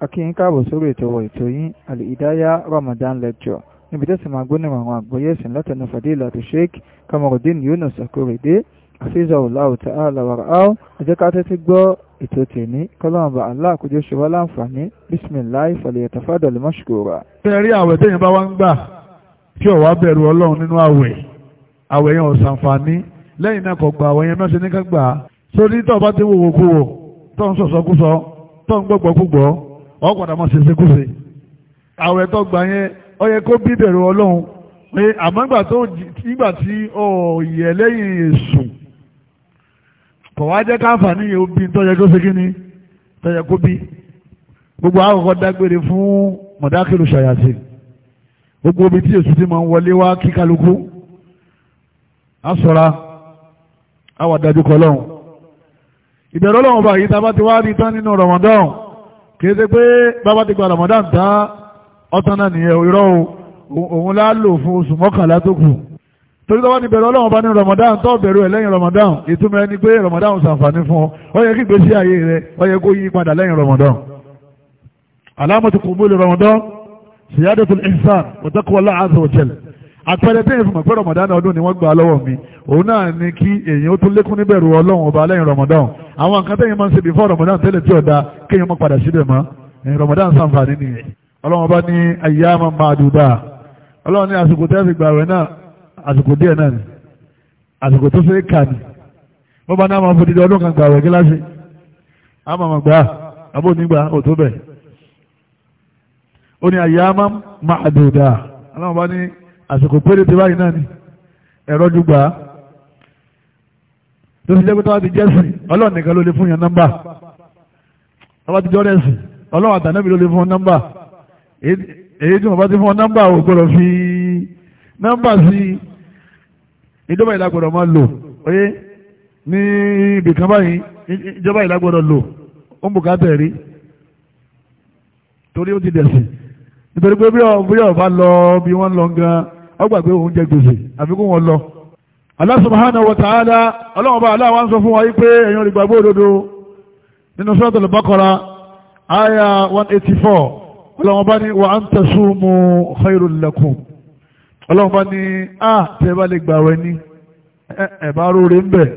akíyín káàbọ̀ sórí ètò ọ̀wọ̀ ètò yín àlìdáyà Ramadan lecture níbi tẹ́sí máa gbóná àwọn àgbọ́yé ẹ̀sìn látẹnu fadilatu Sheikh Kamarudin Yunus Akorede afizahullahu ta'ala wara'ahu ẹ jẹ́ ká tẹ́tí gbọ́ ètò tèmi kọ́lọ́mọba Allah kó jẹ́ ṣe wá láǹfààní bisimilahi falyatafaddal mashkura. ṣé rí àwẹ̀ téèyàn bá wá ń gbà tí ò wá bẹ̀rù ọlọ́run nínú àwẹ̀ àwẹ̀ yẹn ò ṣàǹfààní lẹ́yìn náà kò gba àwẹ̀ yẹn mẹ́sẹ̀ ní ká gbà á sórí tó bá ti wò wò kú wò ń sọ̀sọ́kúsọ tó ń gbọ́gbọ́kúgbọ́ wọ́n padà máa ṣèṣe kúṣe àwẹ̀ tó gbà yẹn ó yẹ kó bí bẹ̀rù ọlọ́run pé àmọ́ ìgbà tó ìgbà tí ó yẹ lẹ́yìn èṣù kò wá jẹ́ káǹfààní yẹn obi tó yẹ kó ṣe kí ni tó yẹ kó bí gbogbo àkọ́kọ́ dágbére fún mọ̀dákìlù ṣàyàtì gbogbo ibi tí èṣù ti máa ń wọlé wá kí kálukú á sọra á wà dájú kọ́ lọ́hùn ìbẹ̀rù ọlọ́run bá yìí tá a bá ti wá rí tán nínú Ramadan kìí ṣe pé bàbá ti gba Ramadan tán ọ̀tán náà nìyẹn irọ́ òun lálò fún oṣù mọ́kànlá tó kù torí tọ́wọ́ ti bẹ̀rẹ̀ ọlọ́run bá ní Ramadan tó bẹ̀rẹ̀ ẹ̀ lẹ́yìn Ramadan ìtumọ̀ ẹni pé Ramadan ṣàǹfààní fún ọ ó yẹ kí ìgbésí ayé rẹ ó yẹ kó yí padà lẹ́yìn Ramadan alámọ̀tò kò mú ilé Ramadan ṣìyádẹ́tò ìsàn wa taqwa Allah azza àpẹẹrẹ tẹ́yìn fún mọ̀pẹ́ rọmọdánù ọdún ni wọ́n gbà lọ́wọ́ mi òun náà ni kí èèyàn ó tún lékún níbẹ̀rù ọlọ́run ọba lẹ́yìn rọmọdánù àwọn nǹkan tẹ́yìn máa ń ṣe before rọmọdánù tẹ́lẹ̀ tí ọ̀dà kéèyàn mọ́ padà síbẹ̀ mọ́ rọmọdánù sàǹfààní nìyẹn ọlọ́run ọba ní ayyaman ma'duda ọlọ́run ní àsìkò tẹ́ fi gbààwẹ̀ náà àsìkò díẹ̀ ni àsìkò tó ṣe é kà ní bó bá náà máa fò dídí ọdún kan gbààwẹ̀ kíláṣì á máa máa gbà á àbó nígbà òtó bẹ̀ ó ní ayyaman ma'duda ọlọ́run ọba ní àsìkò péré ti báyìí náà ni ẹ̀rọ dùgbà tó fi jẹ́pẹ́ tó wá ti jẹ́sìn ọlọ́run nìkan ló lè fún yàn nọ́mbà ọba ti jọ́ rẹ̀sìn ọlọ́run àtànẹ́bí ló lè fún ọ nọ́mbà èyí tí wọ́n bá ti fún ọ nọ́mbà ò gbọ́dọ̀ fi nọ́mbà sí ìjọba ìlàgbọ̀dọ̀ máa lò oyé ní ibìkan báyìí ìjọba ìlàgbọ̀dọ̀ lò ó ń bùkátà rí torí ó ti dẹ̀sìn nítorí pé bí ọ̀bá lọ bí wọ́n lọ gan-an ọgbàgbé òun jẹ gbèsè àfikún wọn lọ. Allah subhanahu wa ta'ala ọlọ́run bá aláwa ń sọ fún wa yí pé ẹ̀yin olùgbàgbọ́ òdodo nínú Suratul Baqara aya 184 ọlọ́run bá ní wa an tasumu khairul lakum ọlọ́run bá ní a tẹ́ bá lè gbàwẹ̀ ní ẹ̀bá róore ń bẹ̀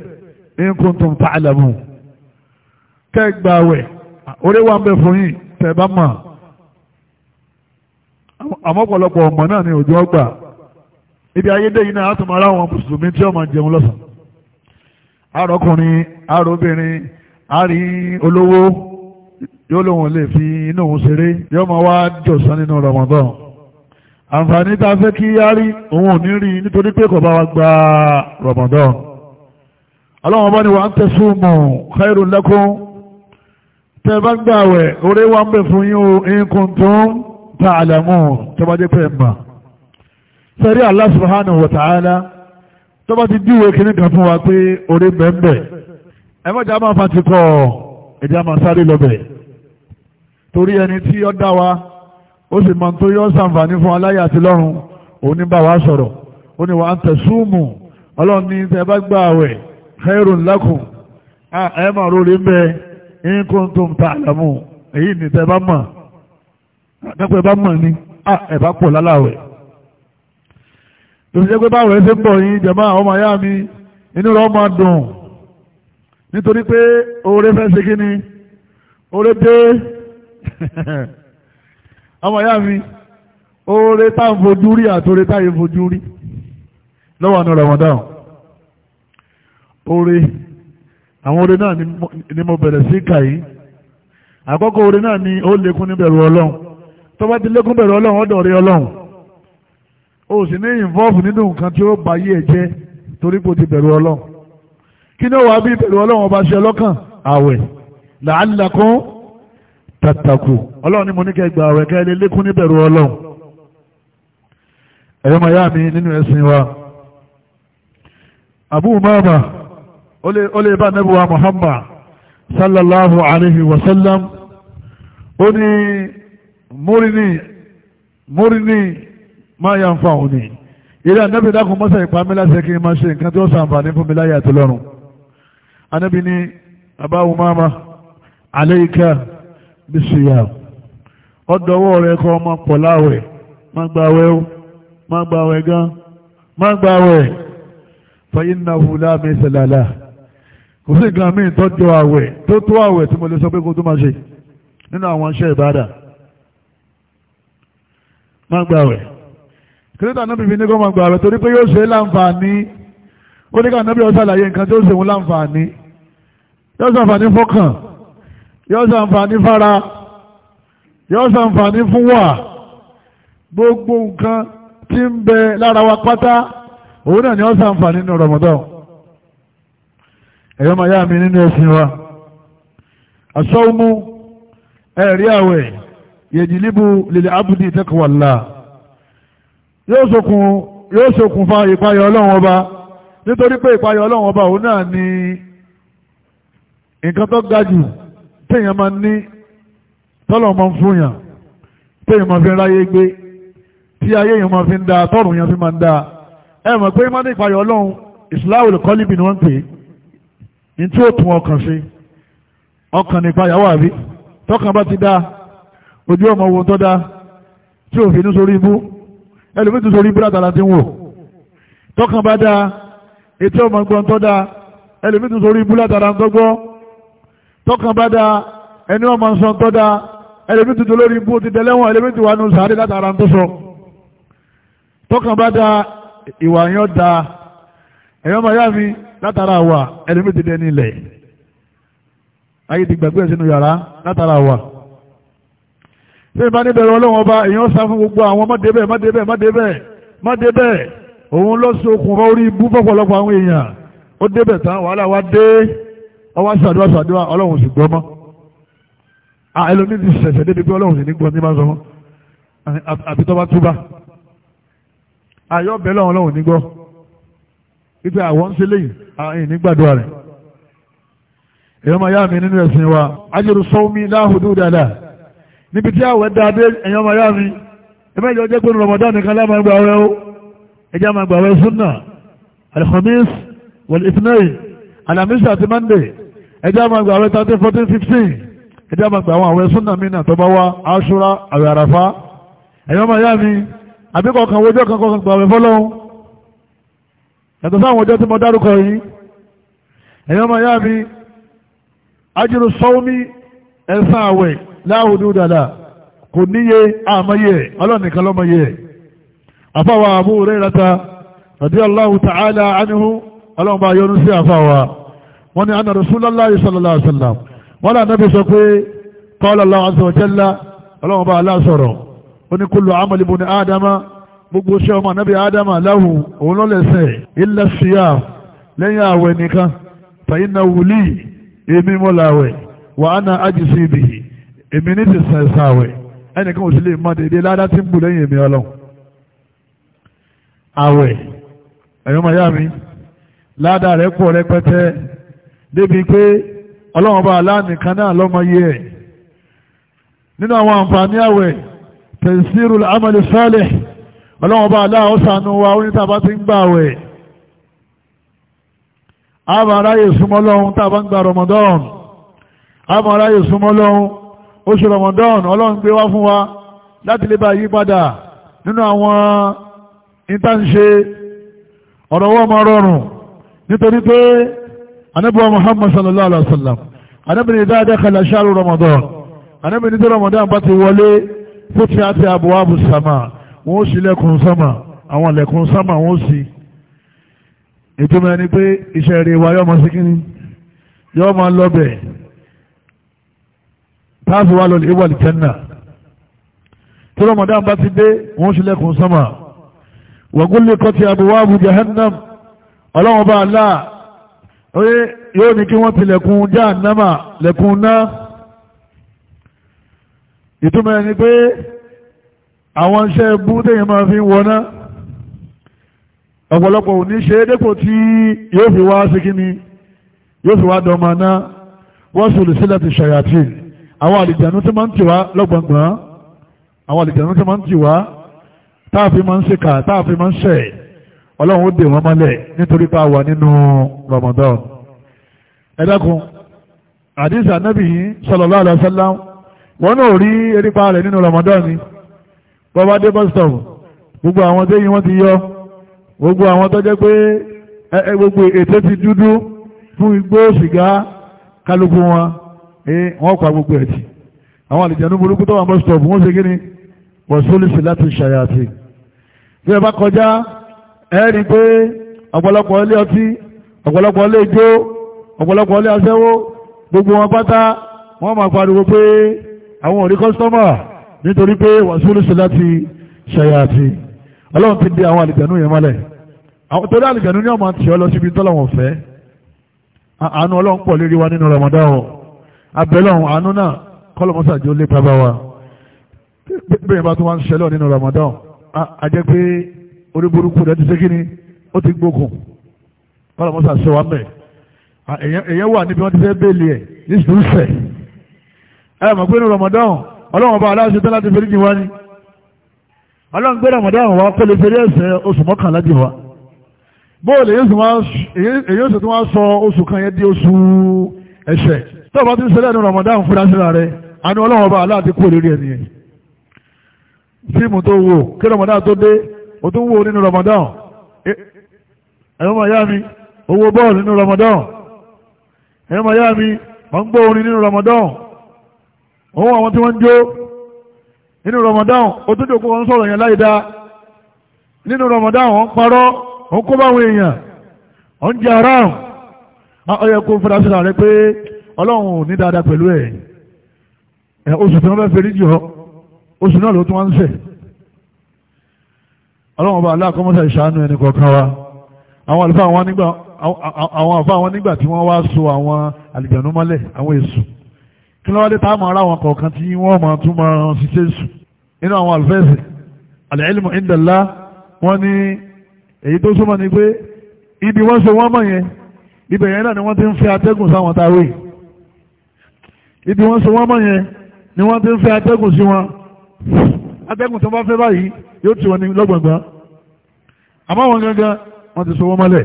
in kuntum ta'lamun kẹ́ gbàwẹ̀ orí wa ń bẹ̀ fún yín tẹ́ bá mọ̀ àmọ́ ọmọ náà ni òjò ọgbà ibi ayédè yìí náà àtúmọ̀ ara àwọn mùsùlùmí tí wọ́n máa jẹun lọ́sàn-án àrọ́kùnrin àrọ́bìnrin àrí olówó yóò lóun lè fi inú òun ṣeré yóò máa wá jọ̀sán nínú Ramadan àǹfààní tá a fẹ́ kí á rí òun ò ní rí nítorí pé kò bá wa gba Ramadan ọlọ́run ọba ni wà á tẹ̀sùn mọ̀ khairun lakum tẹ́ bá gbààwẹ̀ oore wà ń bẹ fún yín o in kuntum ta'lamun tó bá jẹ́ pé ẹ̀ sẹ́rí Allah subhanahu wa ta'ala tó bá ti díwèé kíní kan fún wa pé orí bẹ́ẹ̀ ẹ má jà máa fa ti kọ́ ẹ̀jẹ̀ máa sáré lọ bẹ̀ torí ẹni tí ó dá wa ó sì máa tó yọ sàǹfààní fún aláyé àti lọ́run òun ní bá wa sọ̀rọ̀ ó ní wa ń tẹ̀súùmù ọlọ́run ní tẹ bá gbà àwẹ̀ khairun lakum ẹ máa rórí bẹ́ẹ̀ in kuntum ta'lamun èyí ní tẹ bá mọ̀ àtẹ́pẹ́ bá mọ̀ ni bá pọ̀ láláwẹ̀ tòun jẹ́ pé báwo rẹ̀ ṣe ń bọ̀ yín jẹ̀mọ́ àwọn ọmọ ayá mi inú rẹ̀ máa dùn nítorí pé oore fẹ́ ṣe kí ni oore dé ọmọ ayá mi oore tá ń fojú rí àtòore tá yẹn fojú rí lọ́wọ́ àna Ramadan oore àwọn oore náà ni mo bẹ̀rẹ̀ sí kà àkọ́kọ́ oore náà ni ó lékún níbẹ̀rù Ọlọ́run tó bá ti lékún bẹ̀rù Ọlọ́run ọ̀dọ̀ rí Ọlọ́run o sì ní involve nínú nǹkan tí ó bá yé ẹ jẹ́ torí kò ti bẹ̀rù ọlọ́run kí ni ó wàá bí bẹ̀rù ọlọ́run ọba ṣe ọlọ́kàn àwẹ̀ làálàkún tàtàkù ọlọ́run ni mo ní kẹ́ gba àwẹ̀ kẹ́ lé lékún ní bẹ̀rù ọlọ́run ẹ̀yọ́ màá yá mi nínú ẹ̀sìn wa Abu Mama, ó lè bá nẹ́bùwá Muhammad sallallahu alayhi wa sallam ó ní múrini múrini máa yà ń fa òun ni ilé ànábì dákun mọ́sẹ̀ ìpamí láti kí n máa ṣe nǹkan tí ó sàǹfààní fún mi láyé àti lọ́run ànábì ní abáwo máma àléyíká bí ṣìyà ọdọwọ́ rẹ kọ́ ọmọ pọ̀ láwẹ̀ má gba awẹ́ ó má gba awẹ́ gan má gba awẹ́ fẹ́yìn náà wù láàmì ìṣẹ̀lálà kò sí nǹkan míì tọ́jú àwẹ̀ tó tó àwẹ̀ tí mo lè sọ pé kó tó máa ṣe nínú àwọn iṣẹ́ ìbádà má gba awẹ́ kìrìtà náà bìbí ní kọ́ máa gbà rẹ̀ torí pé yóò ṣe láǹfààní ó ní káà náà bí ó ṣàlàyé nǹkan tó ṣe òun láǹfààní yóò ṣàǹfààní yóò ṣàǹfààní fara yóò ṣàǹfààní fún gbogbo nǹkan tí ń bẹ lára wa pátá òun náà ni ó ṣàǹfààní nínú Ramadan ẹ̀yọ́ máa yá mi nínú ẹ̀sìn wa àṣọ́ọ́mú ẹ̀rí àwẹ̀ yẹ̀jìlíbu lil abdi taqwa Allah yóò sokùn fa ṣokùnfà ìpayọ ọlọ́run ọba nítorí pé ìpayọ ọlọ́run ọba òun náà ni nǹkan tó ga jù téèyàn máa ní tọ́lọ̀ máa ń fúnyàn téèyàn máa fi ń ráyé gbé tí ayé yẹn máa fi ń da tọ́rùn yẹn fi máa ń da ẹ mọ̀ pé má ní ìpayọ ọlọ́run ìsìláwò lè kọ́líbì ni wọ́n ń pè é ní tí ó tún ọkàn ṣe ọkàn ní ìpayà wà bí tọkàn bá ti dá ojú ọmọ wo tó dá tí òfin ní sórí ibú ẹlòmí tó sórí bíràtà láti wò tọ́kàn bá dáa etí ọmọ gbọ́n tó dáa ẹlòmí tó sórí búlàtà láti tó gbọ́ tọ́kàn bá dáa ẹni ọmọ sọ tó dáa ẹlòmí tó lórí ibú ti tẹ́lẹ́wọ̀n ẹlòmí tó wà ní sàárè látara tó sọ tọ́kàn bá dáa ìwà yẹn dáa ẹ̀yọ́ ọmọ yá mi látara wà ẹlòmí ti dẹni ilẹ̀ ayé ti gbàgbé ẹ̀ sínú yàrá látara wà tí ìbá níbẹ̀rẹ̀ ọlọ́run ọba èèyàn sá fún gbogbo àwọn mọ́débẹ̀ mọ́débẹ̀ mọ́débẹ̀ mọ́débẹ̀ òun lọ sí okùn rọ orí ibú fọ́pọ̀lọpọ̀ àwọn èèyàn ó débẹ̀ tán wàhálà wá dé ọwá sàdúrà sàdúrà ọlọ́run sì gbọ́ mọ́ ẹlòmíì ti ṣẹ̀ṣẹ̀ débi pé ọlọ́run sì ní gbọ́ ní máa sọ mọ́ àbí tọ́ba túbà ayọ́ bẹ́ẹ̀ lọ́run ọlọ́run ní gbọ́ níbi tí àwẹ̀ dáadé ẹ̀yàn ọmọ yá mi ẹ̀mẹ́jọ jẹ́ pé Ramadan nìkan láàmà gbà wẹ́ ó ẹjá máa gbà wẹ́ súnà alhamis wal ithnay alhamis àti monday ẹjá máa gbà wẹ́ thirteen fourteen fifteen ẹjá máa gbà wọn àwẹ̀ súnà mí náà tọ́ba wá aṣúra àwẹ̀ àràfá ẹ̀yàn ọmọ yá mi àbíkọ̀ kan wọ́jọ́ kan kọ̀ọ̀kan gbà wẹ́ fọ́lọ́hún yàtọ̀ sáwọn ọjọ́ tí mo láhùdú dàdà kò níye àmọye ọlọ́nìkan lọ́mọye àfáwà Abu Hurairata radiyallahu ta'ala anhu ọlọ́mọba yọnu sí àfáwà wọ́n ní anna Rasulullahi sallallahu alaihi wasallam wọ́n là nábì sọ pé qala Allahu azza wa jalla ọlọ́mọba aláṣọ̀rọ̀ ó ní kullu amali buni ádámà gbogbo ṣe ọmọ nábì ádámà láhùn òun lọ́lẹ̀ṣẹ̀ illa siyam lẹ́yìn àwẹ̀ nìkan fa innahu li èmi èmi ní ti sàn ẹ̀sà àwẹ̀ ẹnìkan ò sì lè mọ dédé ládá tí ń bù lẹ́yìn èmi ọlọ́run àwẹ̀ ẹ̀yọ́ màyá mi ládá rẹ̀ pọ̀ rẹpẹtẹ débi pé ọlọ́run bá aláàníkan náà lọ́mọ yé ẹ̀ nínú àwọn àǹfààní àwẹ̀ tẹ̀síìrù amẹ́lì sọ́ọ̀lẹ̀ ọlọ́run bá aláàwọ̀ sànú wa onítàbá ti ń gbà àwẹ̀ àmàráyè súnmọ́ lọ́hun tàbá ń gba Ramadan àmàráyè súnmọ́ lọ́hun oṣù ramadan ọlọ́run gbé wá fún wa láti lè bá yí padà nínú àwọn ìtànṣe ọ̀rọ̀ wọ́n máa rọrùn nítorí pé anábíwá muhammad sallallahu alaihi wa sallam anábìnrin dáadáa kala ṣáàrù ramadan anábìnrin tó ramadan bá ti wọlé fún ti àti àbúwábù sàmà wọn ó sì lẹ́kùn sama àwọn lẹ́kùn sàmà wọn ó sì ìtumọ̀ ẹni pé iṣẹ́ wa yọ́ máa sí kíní yọ́ lọ́bẹ̀ẹ́ táàbù wa lọ́lẹ̀ ìwà ìjẹ́nà tí rọmọdán bá ti dé wọ́n ṣílẹ̀kùn sánmà wàgúnlé kọ́ ti àbúwábù jahannam ọlọ́wọ́n bá aláà oye yóò ní kí wọ́n ti lẹ̀kùn jahannama lẹ̀kùn náà ìtumọ̀ ẹni pé àwọn iṣẹ́ bú téèyàn máa fi wọná ọ̀pọ̀lọpọ̀ ò ní ṣe é dépò tí yóò fi wá sí kíni yóò fi wá dọ̀mọ̀ náà wọ́n sùn sílẹ̀ ti ṣàyàtì àwọn àlìjànú tí máa ń tì wá lọ́gbọ̀ngbọ̀n àwọn àlìjànú tí máa ń tì wá táàfin máa ń ṣe kà táàfin máa ń ṣẹ̀ ọlọ́run ó dè wọ́n mọ́lẹ̀ nítorí pé a wà nínú Ramadan ẹ dákun àdìsí ànábì yìí sallallahu alaihi wasallam wọn náà rí erípa rẹ̀ nínú Ramadan ni bọ́bá dé bus stop gbogbo àwọn tẹ́yìn wọ́n ti yọ gbogbo àwọn tó jẹ́ pé gbogbo ètò ti dúdú fún igbó sìgá kálukú wọn ee wọ́n pa gbogbo ẹ̀tì àwọn àlìjẹ̀nú burúkú tó wà bọ́ stọ̀pù wọ́n ṣe kí ni wọ́n sólùsì láti ṣàyàtì bí ẹ bá kọjá ẹ rí pé ọ̀pọ̀lọpọ̀ ilé ọtí ọ̀pọ̀lọpọ̀ ilé ijó ọ̀pọ̀lọpọ̀ ilé aṣẹ́wó gbogbo wọn pátá wọ́n máa pariwo pé àwọn ò rí kọ́sítọ́mà nítorí pé wọ́n sólùsì láti ṣàyàtì ọlọ́run ti di àwọn àlìjẹ̀nú yẹn mọ́lẹ̀ torí àlìjẹ̀nú ni ọmọ àti ọ lọ síbi tọ́lọ̀ abẹ́lẹ̀ ọ̀hún àánú náà kọ́lọ̀mọ́sà jẹ́ ó lé tábà wa bẹ́ẹ̀ bá tún wá ń ṣẹlẹ̀ nínú Ramadan a jẹ́ pé orí burúkú rẹ̀ ti ṣe kíni ó ti gbókun kọ́lọ̀mọ́sà ṣe wá mẹ́ èyẹ wà níbi wọ́n ti fẹ́ bẹ́ẹ̀lì ẹ̀ ní sùúrùsẹ̀ ẹ mọ̀ pé ní Ramadan ọlọ́run ọba aláṣẹ tán láti fẹ́rí jìn wá ni ọlọ́run gbé Ramadan wa kó lè fẹ́rí ẹ̀sẹ̀ oṣù mọ́kànlá jìn wá bóòlù èyí oṣù tó wá sọ oṣù kan yẹn di oṣù ẹ̀ṣẹ̀ tó o ti ń sẹ́lẹ̀ ní Ramadan fúra síra rẹ̀ àní ọlọ́run ọba aláàtí kú òlérí ẹ̀ fíìmù tó wò kí Ramadan tó dé o tún wò nínú Ramadan ẹ̀rọ mi owó bọ́ọ̀lù nínú Ramadan ẹ̀rọ màyá mi wọ́n ń gbọ́ orin nínú Ramadan òun àwọn tí wọ́n jó nínú Ramadan o wọn sọ̀rọ̀ yẹn láì nínú Ramadan parọ́ kó èèyàn ọlọ́run ò ní dáadáa pẹ̀lú ẹ̀ ẹ̀ oṣù tí wọ́n fẹ́ fẹ́rí jù ọ oṣù náà ló tún wá ń sẹ̀ ọlọ́run ọba aláàkọ́mọ́sà ìṣàánú ẹni kọ̀ọ̀kan wa àwọn àlùfáà wọn nígbà àwọn àfáà wọn nígbà tí wọ́n wá so àwọn àlìjànú mọ́lẹ̀ àwọn èṣù kí ló wá dé táwọn ará wọn kọ̀ọ̀kan tí wọ́n máa tún máa ṣiṣẹ́ sùn nínú àwọn àlùfẹ́ẹ̀sì àlẹ́ẹ̀lìmọ̀ ìdàlá wọ́n ní èyí tó súnmọ́ ni pé ibi wọ́n so wọ́n mọ̀ yẹn ibẹ̀ yẹn náà ni wọ́n ti ń fẹ́ atẹ́gùn sáwọn táwé yìí ibi wọ́n so wọ́n mọ́ yẹn ni wọ́n ti ń fẹ́ atẹ́gùn sí wọn atẹ́gùn tó bá fẹ́ báyìí yóò tì wọ́n ní lọ́gbọ̀ngbọ́n àmọ́ wọn gangan wọ́n ti so wọ́n mọ́lẹ̀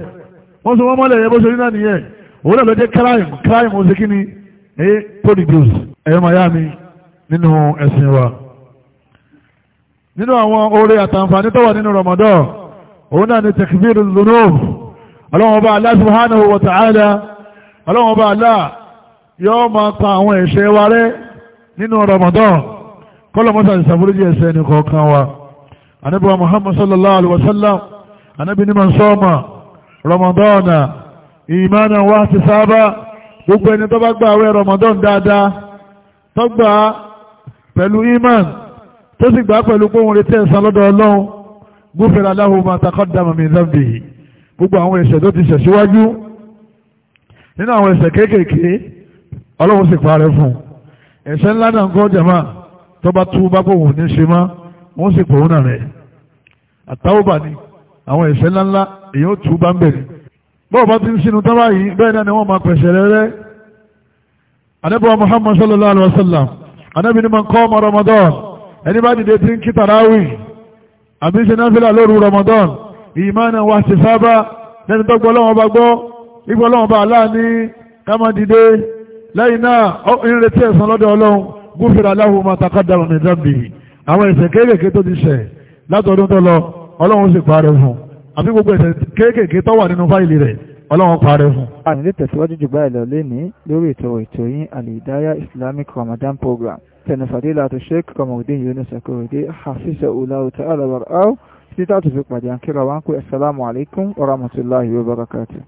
wọ́n so wọ́n mọ́lẹ̀ yẹn bó ṣe rí náà nìyẹn òun náà ló jẹ́ crime crime ó ṣe kí ni ẹ prodigious ẹ̀yọ́ màyá mi nínú ẹ̀sìn wa nínú àwọn oore àtàǹfààní tó wà nínú Ramadan òun náà ni takbir dhunub ọlọ́wọ́n bá Allah subhanahu wa ta'ala ọlọ́wọ́n bá Allah yọ́ máa ta àwọn ẹ̀ṣẹ̀ wa rẹ́ nínú Ramadan kọ́lọ̀mọ́sà ìsàmúlójì ẹ̀ṣẹ̀ ní kọ̀ọ̀kan wa anábì wa Muhammad sallallahu alaihi wasallam anábì ní man sọ́ọ̀mà Ramadan ìmánan wa ti sábà gbogbo ẹni tó bá gba àwẹ̀ Ramadan dáadáa tó gbà pẹ̀lú iman tó sì gbà pẹ̀lú pòun retí ẹ̀san lọ́dọ̀ Ọlọ́run gúfèrè aláhùn máa takọ́dàmà min dhanbihi gbogbo àwọn ẹ̀ṣẹ̀ tó ti ṣẹ̀ síwájú nínú àwọn ẹ̀ṣẹ̀ kéékèèké ọlọ́run sì parẹ́ fún un ẹ̀ṣẹ̀ ńlá náà ń kọ́ jàmá tó bá tú bá gbóhùn ní ṣe má wọ́n sì pòun náà rẹ̀ àtàwọ̀bà ni àwọn ẹ̀ṣẹ̀ ńlá ńlá èèyàn tú bá ń bẹ̀rẹ̀ bọ́ọ̀ bá ti ń sinú tán báyìí bẹ́ẹ̀ náà ni wọ́n máa pẹ̀ṣẹ̀ rẹ́rẹ́ anábọ̀ Muhammad sallallahu alayhi wa sallam anábì ni man qama Ramadan ẹni bá dìde tí ń kí tàràwì àbí ṣe náfìlà lóru Ramadan ìmánà wa ti sábà lẹ́ni tó gbọ́ lọ́wọ́ bá gbọ́ ìgbọ́ lọ́wọ́ bá aláàní ká má dìde lẹ́yìn náà ìrètí ẹ̀san lọ́dọ̀ ọlọ́run gúfèrè aláhùn máa takádàrà ní dábì àwọn ẹ̀ṣẹ̀ kéékèèké tó ti ṣẹ̀ látọ̀dún tó lọ ọlọ́run sì parẹ́ fún àbí gbogbo ẹ̀ṣẹ̀ kéékèèké tó wà nínú fáìlì rẹ̀ ọlọ́run parẹ́ fún. àní lè tẹ̀síwájú jù báyìí lọ lénìí lórí ètò ètò yín àlìdáyà Islamic Ramadan program tẹnu fàdílà tó sheik Kamaldeen Yunus Akorede hafiza ulawu ta'ala warau títí tá a fi pàdé àkírà wa ń pè